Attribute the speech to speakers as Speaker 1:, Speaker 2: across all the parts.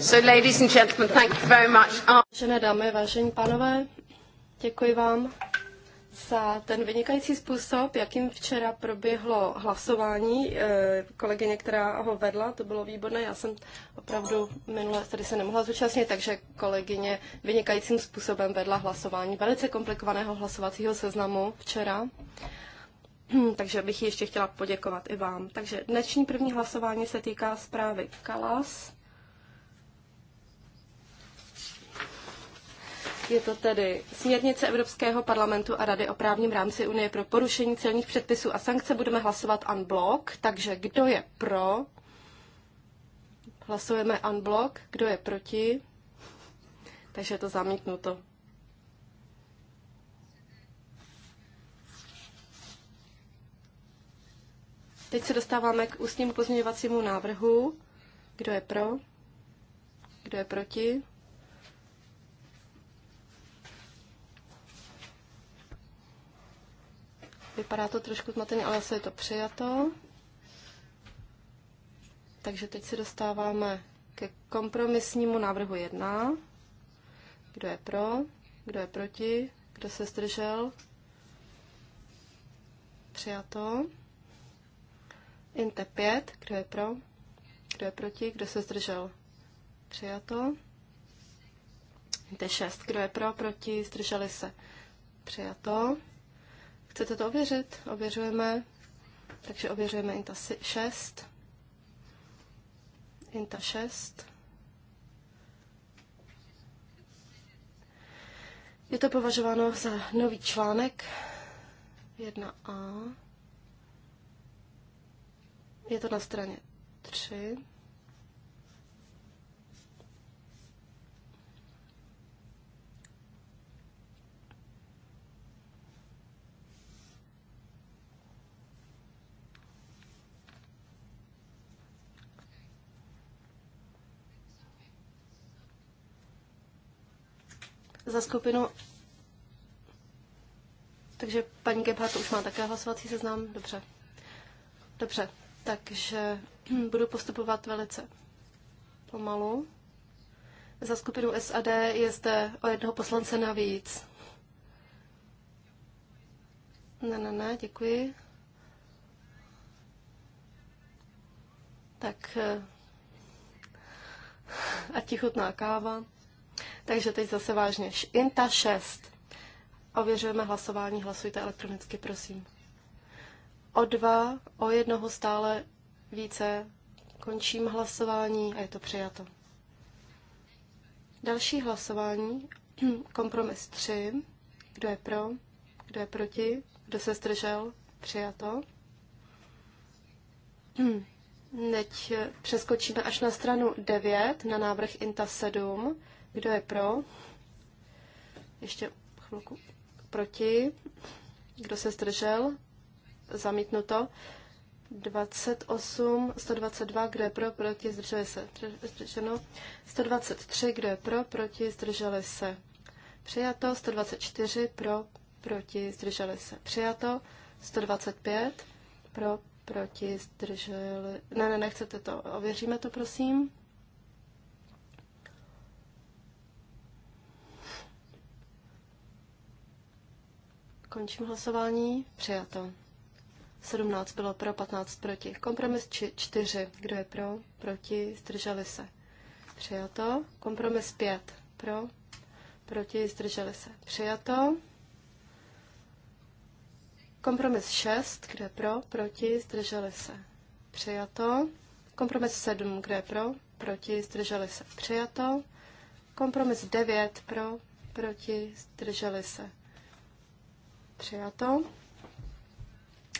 Speaker 1: So, ladies and gentlemen, thank you very much. Vážené dámy, vážení pánové, děkuji vám za ten vynikající způsob, jakým včera proběhlo hlasování. Eh, kolegyně, která ho vedla, to bylo výborné. Já jsem opravdu minule tady se nemohla zúčastnit, takže kolegyně vynikajícím způsobem vedla hlasování velice komplikovaného hlasovacího seznamu včera. Hm, takže bych ještě chtěla poděkovat i vám. Takže dnešní první hlasování se týká zprávy Kalas. Je to tedy směrnice Evropského parlamentu a Rady o právním rámci Unie pro porušení celních předpisů a sankce. Budeme hlasovat unblock, takže kdo je pro? Hlasujeme unblock, kdo je proti? Takže je to zamítnuto. Teď se dostáváme k ústnímu pozměňovacímu návrhu. Kdo je pro? Kdo je proti? Vypadá to trošku zmateně, ale asi je to přijato. Takže teď se dostáváme ke kompromisnímu návrhu 1. Kdo je pro? Kdo je proti? Kdo se zdržel? Přijato. Inte 5. Kdo je pro? Kdo je proti? Kdo se zdržel? Přijato. Inte 6. Kdo je pro? Proti? Zdrželi se? Přijato. Chcete to ověřit? Ověřujeme. Takže ověřujeme INTA 6. INTA 6. Je to považováno za nový článek 1a. Je to na straně 3. za skupinu. Takže paní Gebhardt už má také hlasovací seznam. Dobře. Dobře, takže budu postupovat velice pomalu. Za skupinu SAD je zde o jednoho poslance navíc. Ne, ne, ne, děkuji. Tak eh, a tichotná káva. Takže teď zase vážně. INTA 6. Ověřujeme hlasování, hlasujte elektronicky, prosím. O dva, o jednoho stále více. Končím hlasování a je to přijato. Další hlasování, kompromis 3. Kdo je pro? Kdo je proti? Kdo se zdržel? Přijato. Neď přeskočíme až na stranu 9, na návrh INTA 7. Kdo je pro? Ještě chvilku. Proti? Kdo se zdržel? Zamítnuto. 28, 122, kdo je pro, proti, zdrželi se, zdrženo. 123, kdo je pro, proti, zdrželi se, přijato. 124, pro, proti, zdrželi se, přijato. 125, pro, proti, zdrželi, ne, ne, nechcete to, ověříme to, prosím. Končím hlasování. Přijato. 17 bylo pro, 15 proti. Kompromis 4. Kdo je pro? Proti. Zdrželi se. Přijato. Kompromis 5. Pro. Proti. Zdrželi se. Přijato. Kompromis 6. Kdo je pro? Proti. Zdrželi se. Přijato. Kompromis 7. Kdo je pro? Proti. Zdrželi se. Přijato. Kompromis 9. Pro. Proti. Zdrželi se. Přijato.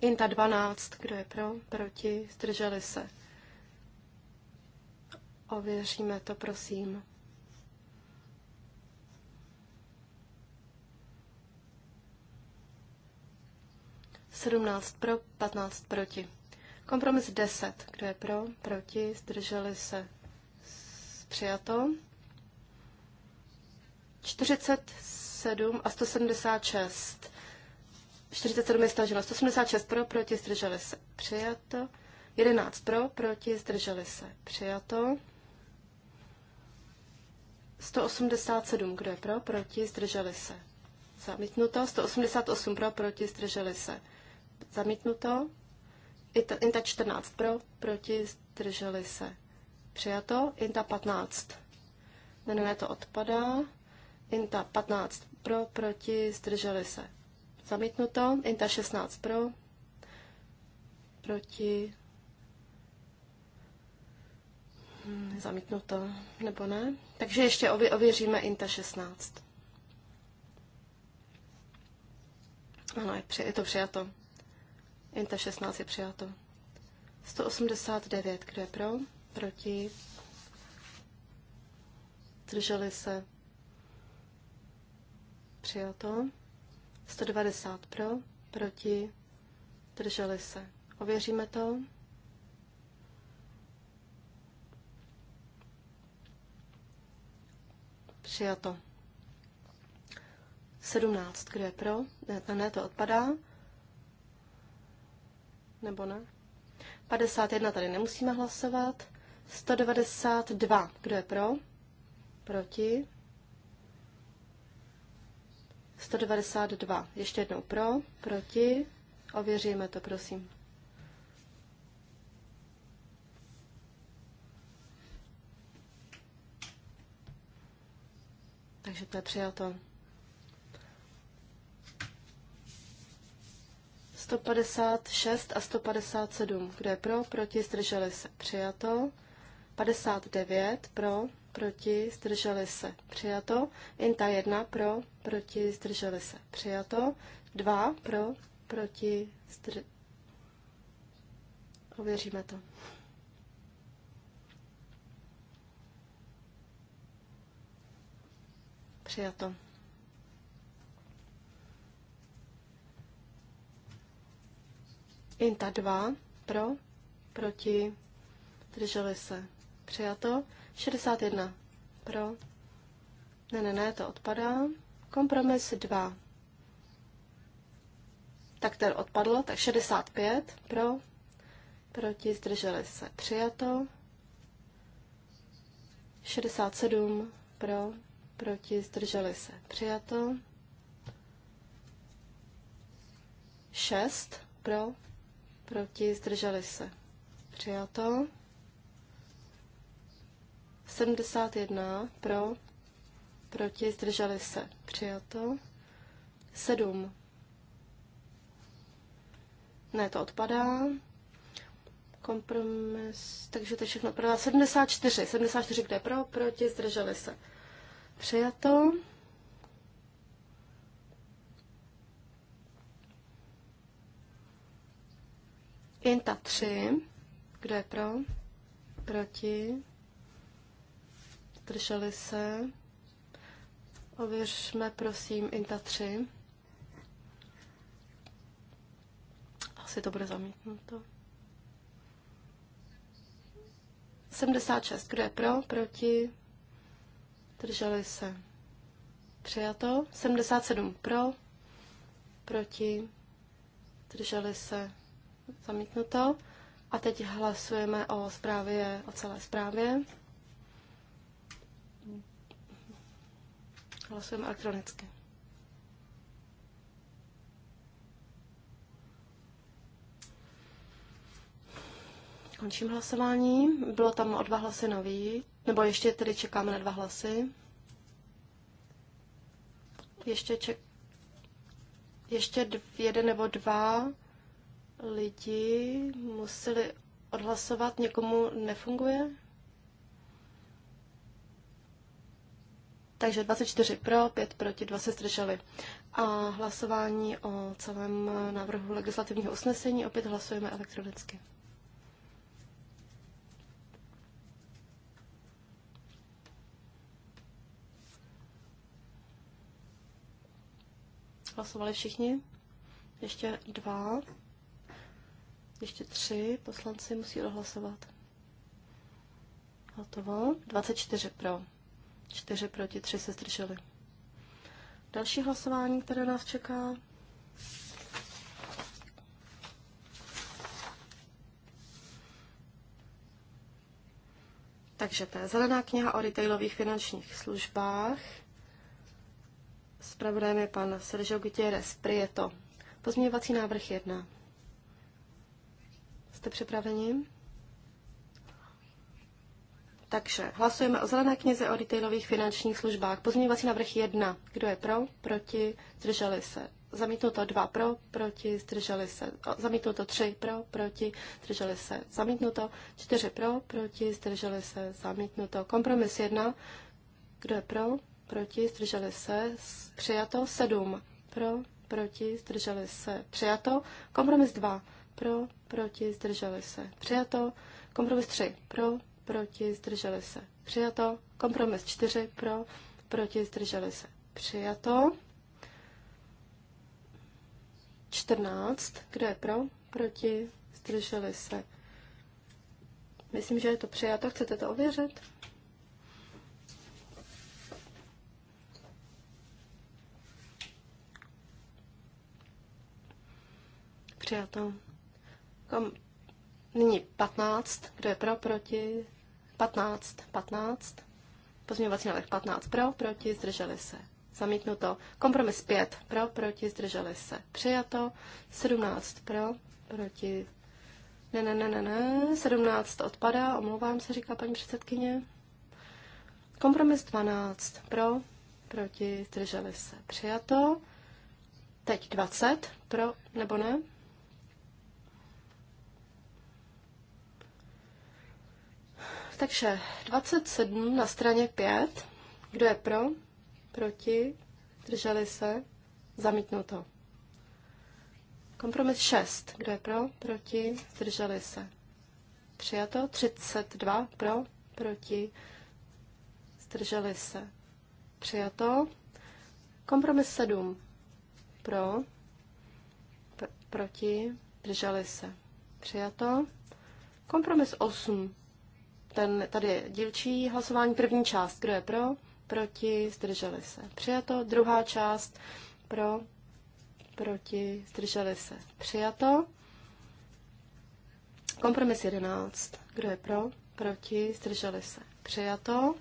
Speaker 1: Inta 12, kdo je pro, proti, zdrželi se. Ověříme to, prosím. Sedmnáct pro, patnáct proti. Kompromis 10. Kdo je pro, proti, zdrželi se. Přijato. 47 a 176. 47 je staženo. 186 pro, proti, zdrželi se. Přijato. 11 pro, proti, zdrželi se. Přijato. 187, kdo je pro, proti, zdrželi se. Zamítnuto. 188 pro, proti, zdrželi se. Zamítnuto. Inta, inta 14 pro, proti, zdrželi se. Přijato. Inta 15. Ne, ne, to odpadá. Inta 15 pro, proti, zdrželi se Zamítnuto. Inter 16 pro. Proti. Hmm, zamítnuto, nebo ne? Takže ještě ově, ověříme Inter 16. Ano, je, při, je to přijato. Inter 16 je přijato. 189, kdo je pro? Proti? Drželi se? Přijato. 190 pro, proti, drželi se. Ověříme to. Přijato. 17, kdo je pro? Ne, to ne, to odpadá. Nebo ne? 51 tady nemusíme hlasovat. 192, kdo je pro? Proti. 192. Ještě jednou pro, proti. Ověříme to, prosím. Takže to je přijato. 156 a 157. Kdo je pro, proti, zdrželi se. Přijato. 59 pro, proti, zdrželi se, přijato. Inta jedna pro, proti, zdrželi se, přijato. Dva pro, proti, zdr... Ověříme to. Přijato. Inta dva pro, proti, zdrželi se, přijato. 61 pro. Ne, ne, ne, to odpadá. Kompromis 2. Tak ten odpadl, tak 65 pro. Proti zdrželi se přijato. 67 pro. Proti zdrželi se přijato. 6 pro. Proti zdrželi se přijato. 71 pro, proti, zdrželi se, přijato. 7. Ne, to odpadá. Kompromis, takže to je všechno odpadá. 74, 74 kde pro, proti, zdrželi se, přijato. Inta 3, kdo je pro, proti, zdrželi se. Ověřme prosím INTA 3. Asi to bude zamítnuto. 76. Kdo je pro? Proti? Drželi se. Přijato. 77 pro. Proti? Drželi se. Zamítnuto. A teď hlasujeme o zprávě, o celé zprávě. Hlasujeme elektronicky. Končím hlasování. Bylo tam o dva hlasy nový, nebo ještě tedy čekáme na dva hlasy. Ještě ček... Ještě dv... jeden nebo dva lidi museli odhlasovat, někomu nefunguje? Takže 24 pro, 5 proti, 2 se zdrželi. A hlasování o celém návrhu legislativního usnesení opět hlasujeme elektronicky. Hlasovali všichni? Ještě dva. Ještě tři poslanci musí odhlasovat. Hotovo. 24 pro. 4 proti, 3 se zdrželi. Další hlasování, které nás čeká, Takže to je zelená kniha o retailových finančních službách. Spravodajem je pan Sergio Gutierrez Prieto. Pozměňovací návrh 1. Jste připraveni? Takže hlasujeme o zelené knize o retailových finančních službách. Pozměňovací návrh jedna, Kdo je pro? Proti? Zdrželi se. Zamítnuto dva pro, proti, zdrželi se. Zamítnuto tři pro, proti, zdrželi se. Zamítnuto čtyři pro, proti, zdrželi se. Zamítnuto. Kompromis jedna, Kdo je pro? Proti, zdrželi se. Přijato sedm pro, proti, zdrželi se. Přijato. Kompromis dva pro, proti, zdrželi se. Přijato. Kompromis tři pro, proti, zdrželi se, přijato. Kompromis 4 pro, proti, zdrželi se, přijato. 14, kdo je pro, proti, zdrželi se. Myslím, že je to přijato, chcete to ověřit? Přijato. Kom- Nyní 15. Kdo je pro, proti? 15. 15. Pozměňovací návrh 15 pro, proti, zdrželi se. Zamítnuto. Kompromis 5 pro, proti, zdrželi se. Přijato. 17 pro, proti. Ne, ne, ne, ne, ne. 17 odpadá, omlouvám se, říká paní předsedkyně. Kompromis 12 pro, proti, zdrželi se. Přijato. Teď 20 pro, nebo ne? Takže 27 na straně 5. Kdo je pro? Proti? Drželi se? Zamítnuto. Kompromis 6. Kdo je pro? Proti? Drželi se. Přijato. 32. Pro? Proti? Zdrželi se. Přijato. Kompromis 7. Pro? Pr- proti? Drželi se. Přijato. Kompromis 8. Ten tady je dílčí hlasování. První část, kdo je pro, proti, zdrželi se. Přijato. Druhá část, pro, proti, zdrželi se. Přijato. Kompromis 11. Kdo je pro, proti, zdrželi se. Přijato.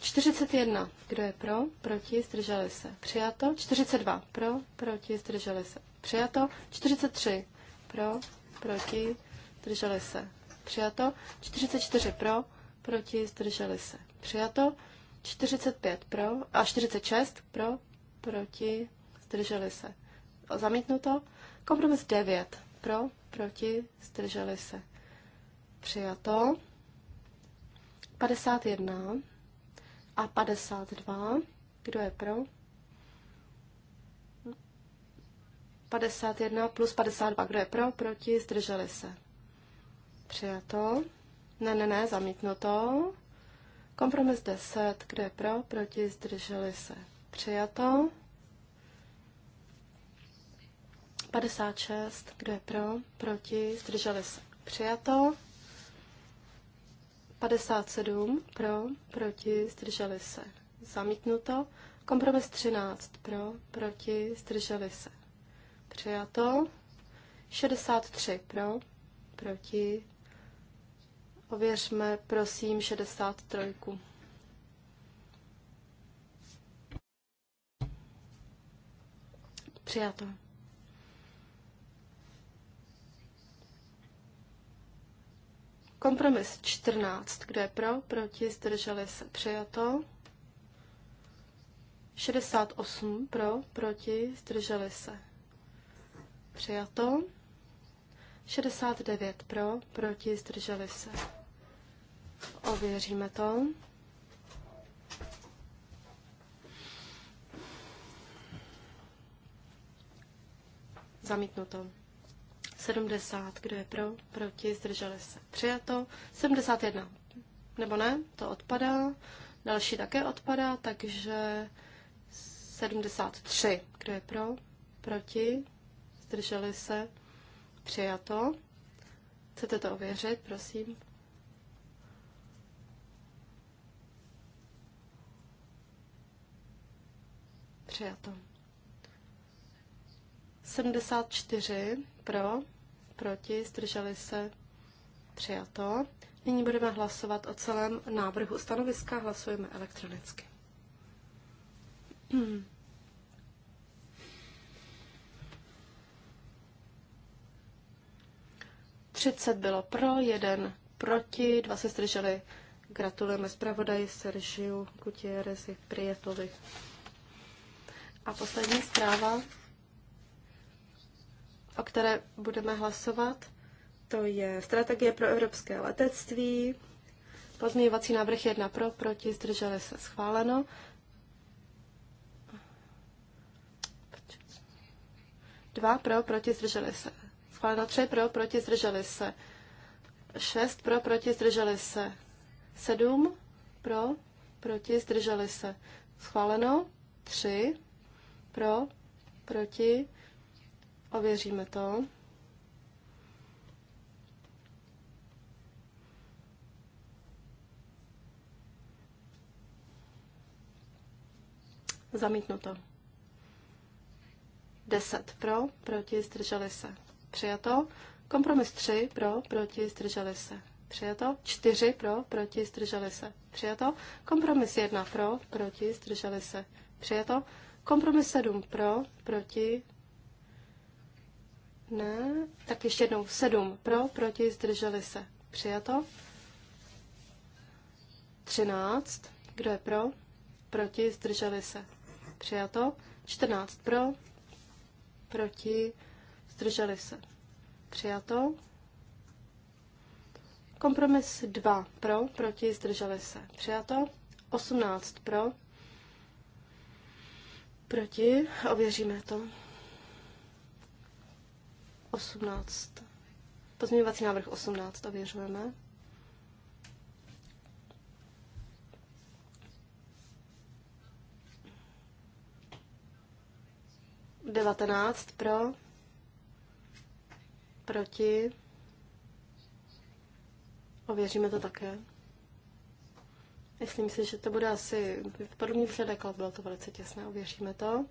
Speaker 1: 41. Kdo je pro? Proti? Zdrželi se. Přijato. 42. Pro? Proti? Zdrželi se. Přijato. 43. Pro? Proti? Zdrželi se přijato. 44 pro, proti, zdrželi se, přijato. 45 pro a 46 pro, proti, zdrželi se. Zamítnuto. Kompromis 9 pro, proti, zdrželi se. Přijato. 51 a 52. Kdo je pro? 51 plus 52. Kdo je pro? Proti, zdrželi se. Přijato. Ne, ne, ne, zamítnuto. Kompromis 10, kde je pro, proti, zdrželi se. Přijato. 56, kde je pro, proti, zdrželi se. Přijato. 57, pro, proti, zdrželi se. Zamítnuto. Kompromis 13, pro, proti, zdrželi se. Přijato. 63, pro, proti, Ověřme, prosím, 63. Přijato. Kompromis 14. Kdo je pro? Proti? Zdrželi se? Přijato. 68 pro, proti, zdrželi se. Přijato. 69 pro, proti, zdrželi se. Ověříme to. Zamítnuto. 70, kdo je pro, proti, zdrželi se. Přijato. 71, nebo ne, to odpadá. Další také odpadá, takže 73, kdo je pro, proti, zdrželi se. Přijato. Chcete to ověřit, prosím? Přijato. 74 pro, proti, zdrželi se, přijato. Nyní budeme hlasovat o celém návrhu stanoviska, hlasujeme elektronicky. 30 bylo pro, jeden proti, dva se zdrželi. Gratulujeme zpravodaji Sergiu Gutierrezi Prietovi. A poslední zpráva, o které budeme hlasovat, to je strategie pro evropské letectví. Pozměňovací návrh 1 pro, proti, zdrželi se schváleno. Dva pro, proti, zdrželi se. Schváleno tři pro, proti, zdrželi se. Šest pro, proti, zdrželi se. Sedm pro, proti, zdrželi se. Schváleno tři pro? Proti? Ověříme to. to. 10 pro, proti, zdrželi se. Přijato. Kompromis 3 pro, proti, zdrželi se. Přijato. 4 pro, proti, zdrželi se. Přijato. Kompromis 1 pro, proti, zdrželi se. Přijato. Kompromis 7 pro, proti, ne, tak ještě jednou 7 pro, proti, zdrželi se. Přijato. 13, kdo je pro, proti, zdrželi se. Přijato. 14 pro, proti, zdrželi se. Přijato. Kompromis 2 pro, proti, zdrželi se. Přijato. 18 pro, Proti? Ověříme to. 18. Pozměňovací návrh 18 ověřujeme. Devatenáct pro, proti, ověříme to také. Myslím si, že to bude asi podobný výsledek, ale bylo to velice těsné, uvěříme to.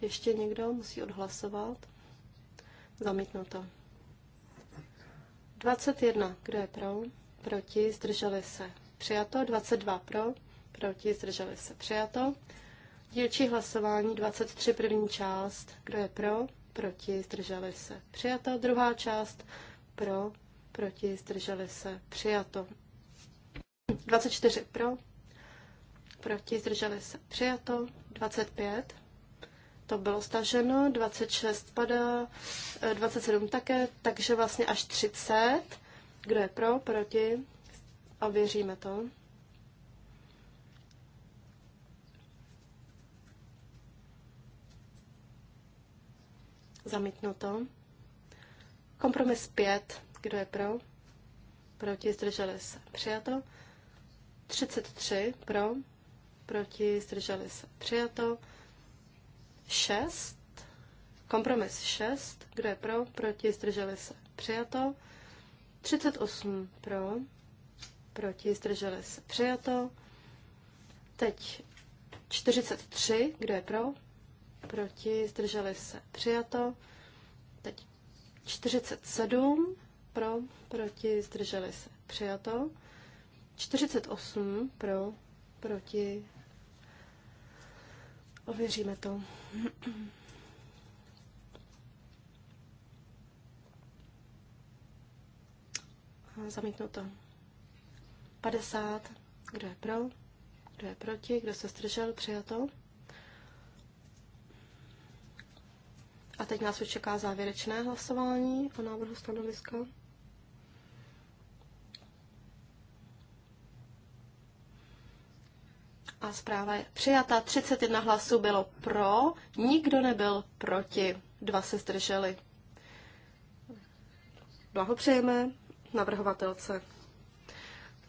Speaker 1: Ještě někdo musí odhlasovat. Zamítnu to. 21. Kdo je pro? Proti, zdrželi se. Přijato. 22 pro, proti, zdrželi se. Přijato. Dílčí hlasování 23. první část. Kdo je pro? Proti, zdrželi se. Přijato. Druhá část. Pro, proti, zdrželi se. Přijato. 24 pro, proti, zdrželi se, přijato. 25, to bylo staženo, 26 padá, 27 eh, také, takže vlastně až 30. Kdo je pro, proti? A věříme to. Zamítnuto. Kompromis 5. Kdo je pro? Proti zdrželi se. Přijato. 33 pro, proti, zdrželi se, přijato. 6, kompromis 6, kdo je pro, proti, zdrželi se, přijato. 38 pro, proti, zdrželi se, přijato. Teď 43, kdo je pro, proti, zdrželi se, přijato. Teď 47 pro, proti, zdrželi se, přijato. 48 pro, proti. Ověříme to. Zamítnuto. 50. Kdo je pro? Kdo je proti? Kdo se zdržel? to A teď nás už čeká závěrečné hlasování o návrhu stanoviska. a zpráva je přijata. 31 hlasů bylo pro, nikdo nebyl proti, dva se zdrželi. Blahopřejeme navrhovatelce.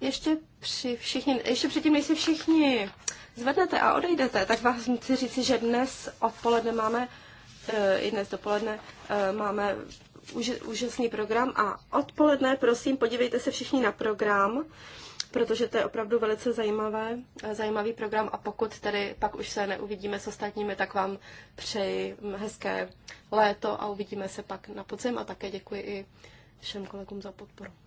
Speaker 1: Ještě, při všichni, ještě předtím, než si všichni zvednete a odejdete, tak vás chci říci, že dnes odpoledne máme, eh, i dnes dopoledne eh, máme úžasný program a odpoledne, prosím, podívejte se všichni na program protože to je opravdu velice zajímavé, eh, zajímavý program a pokud tedy pak už se neuvidíme s ostatními, tak vám přeji hezké léto a uvidíme se pak na podzim a také děkuji i všem kolegům za podporu.